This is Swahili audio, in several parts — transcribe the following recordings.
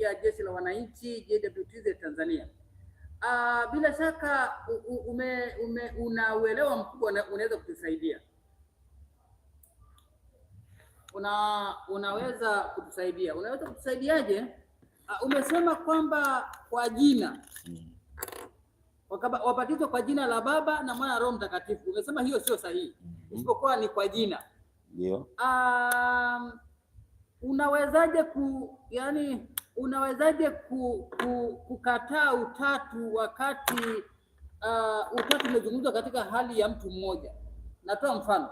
kupitia Jeshi la Wananchi JWTZ Tanzania. Uh, bila shaka ume, ume, una uelewa mkubwa, unaweza kutusaidia una, unaweza kutusaidia. Unaweza kutusaidiaje? Uh, umesema kwamba kwa jina wabatizwe kwa jina la Baba na Mwana Roho Mtakatifu. Umesema hiyo sio sahihi, mm-hmm. isipokuwa ni kwa jina ndio. Um, unawezaje ku yani unawezaje ku, ku, kukataa utatu wakati uh, utatu umezungumzwa katika hali ya mtu mmoja? Natoa mfano,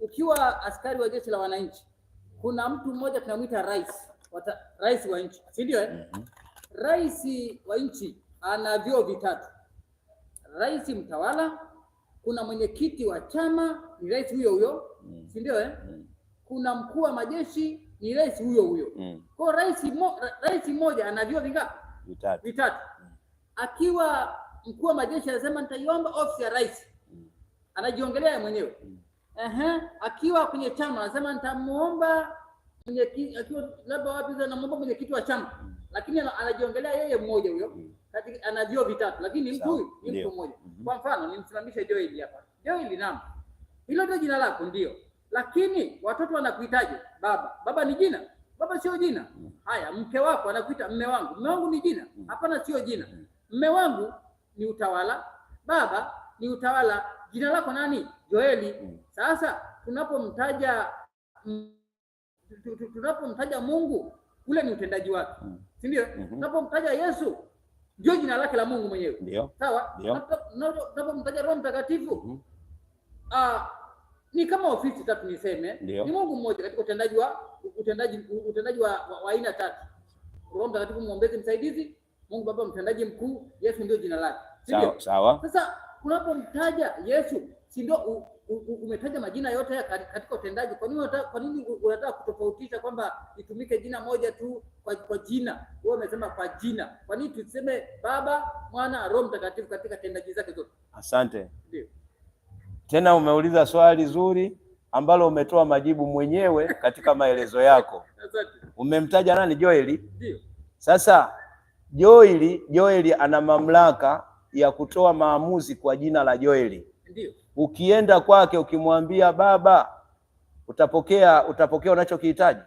ukiwa askari wa jeshi la wananchi, kuna mtu mmoja tunamwita rais, rais wa nchi, si ndio? Eh, mm-hmm. rais wa nchi ana vyeo vitatu: rais mtawala, kuna mwenyekiti wa chama, ni rais huyo huyo, mm. si ndio? Eh, mm. kuna mkuu wa majeshi ni rais huyo huyo mm. Kwa rais mo, rais mmoja ana vyeo vingapi? Vitatu, vitatu. Mm. Akiwa mkuu wa majeshi anasema nitaiomba ofisi ya rais mm. Anajiongelea mwenyewe mm. Uh-huh. Akiwa kwenye chama anasema nitamuomba mwenyekiti, akiwa labda wapi za namuomba mwenyekiti wa chama mm. Lakini anajiongelea yeye mmoja huyo mm. Ana vyeo vitatu lakini mtu huyu ni mtu mmoja. Mm-hmm. Kwa mfano nimsimamishe Joel hapa. Joel, naam, hilo ndio jina lako ndio lakini watoto wanakuitaje? Baba. Baba ni jina? Baba sio jina. Mm. Haya, mke wako anakuita mme wangu. Mme wangu ni jina? Mm. Hapana, sio jina. Mm. Mme wangu ni utawala, baba ni utawala. Jina lako nani? Joeli. Sasa tunapomtaja tunapomtaja Mungu ule ni utendaji wake, si ndio? Mm-hmm. Tunapomtaja Yesu ndio jina lake la Mungu mwenyewe, sawa? Tunapomtaja Roho Mtakatifu mm-hmm. ah ni kama ofisi tatu niseme, ni Mungu mmoja katika utendaji wa utendaji utendaji wa, aina tatu: Roho Mtakatifu mwombezi msaidizi, Mungu Baba mtendaji mkuu, Yesu ndio jina lake. Sawa, sawa. Sasa unapomtaja Yesu, si ndio umetaja majina yote ya katika utendaji? Kwa nini unataka kwa nini unataka kutofautisha kwamba itumike jina moja tu kwa, kwa jina? Wewe umesema kwa jina, kwa nini tuseme Baba, Mwana, Roho Mtakatifu katika tendaji zake zote? Asante. Tena umeuliza swali zuri ambalo umetoa majibu mwenyewe katika maelezo yako. Umemtaja nani? Joeli. Sasa Joeli, Joeli ana mamlaka ya kutoa maamuzi kwa jina la Joeli. Ukienda kwake ukimwambia baba, utapokea utapokea unachokihitaji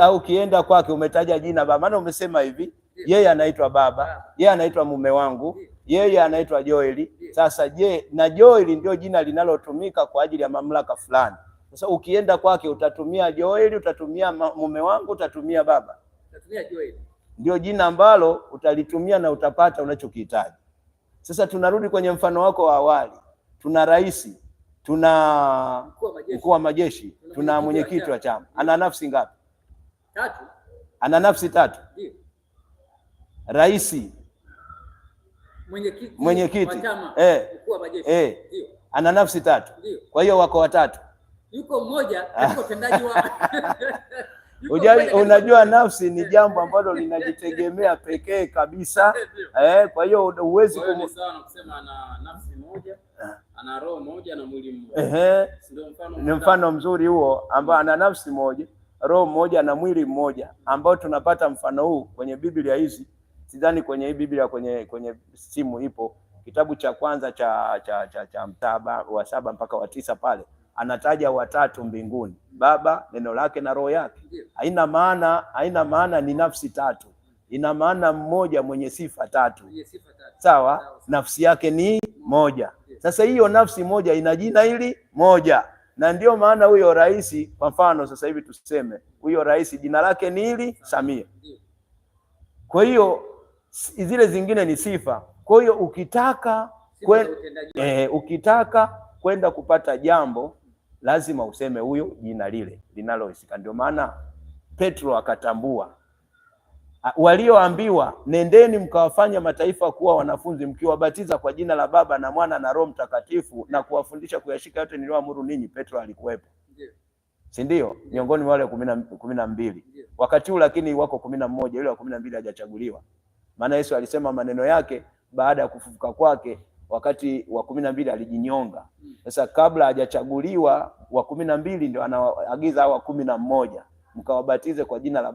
au ukienda kwake umetaja jina baba, maana umesema hivi, yeye anaitwa baba, yeye anaitwa mume wangu, yeye anaitwa Joeli. Sasa je, na Joeli ndio jina linalotumika kwa ajili ya mamlaka fulani. Sasa ukienda kwake utatumia Joeli, utatumia mume wangu, utatumia baba, utatumia Joeli, ndio jina ambalo utalitumia na utapata unachokihitaji. Sasa tunarudi kwenye mfano wako wa awali, tuna rais, tuna mkuu wa majeshi, tuna mwenyekiti wa chama. Ana nafsi ngapi? Tatu. Ana nafsi tatu. Rais mwenyekiti mwenyekiti eh, mkuu wa eh, ana nafsi tatu Dio. Kwa hiyo wako watatu, yuko mmoja ah. katika utendaji wa Ujali, unajua nafsi ni jambo ambalo linajitegemea pekee kabisa eh, kwa hiyo huwezi kum... kusema ana nafsi moja, ah. ana roho moja na mwili mmoja eh, ni mfano mzuri huo ambao ana nafsi moja, roho moja na mwili mmoja ambao tunapata mfano huu kwenye Biblia hizi sidhani kwenye hii Biblia kwenye kwenye simu ipo. Kitabu cha kwanza cha cha cha, cha mtaba wa saba mpaka wa tisa pale anataja watatu mbinguni, Baba, neno lake na roho yake. Haina maana haina maana ni nafsi tatu, ina maana mmoja mwenye sifa tatu, sawa. Nafsi yake ni moja. Sasa hiyo nafsi moja ina jina hili moja, na ndio maana huyo rais, kwa mfano sasa hivi tuseme huyo rais jina lake ni hili Samia. Kwa hiyo zile zingine ni sifa. Kwa hiyo ukitaka kwen, e, ukitaka kwenda kupata jambo lazima useme huyo jina lile linalohusika. Ndio maana Petro akatambua walioambiwa nendeni mkawafanya mataifa kuwa wanafunzi mkiwabatiza kwa jina la Baba na Mwana na Roho Mtakatifu na kuwafundisha kuyashika yote niliyoamuru ninyi. Petro alikuwepo, si ndio? Miongoni mwa wale kumi na mbili wakati huu, lakini wako kumi na mmoja, yule wa kumi na mbili hajachaguliwa. Maana Yesu alisema maneno yake baada ya kufufuka kwake, wakati wa kumi na mbili alijinyonga. Sasa kabla hajachaguliwa wa kumi na mbili ndio anaagiza hawa kumi na mmoja mkawabatize kwa jina la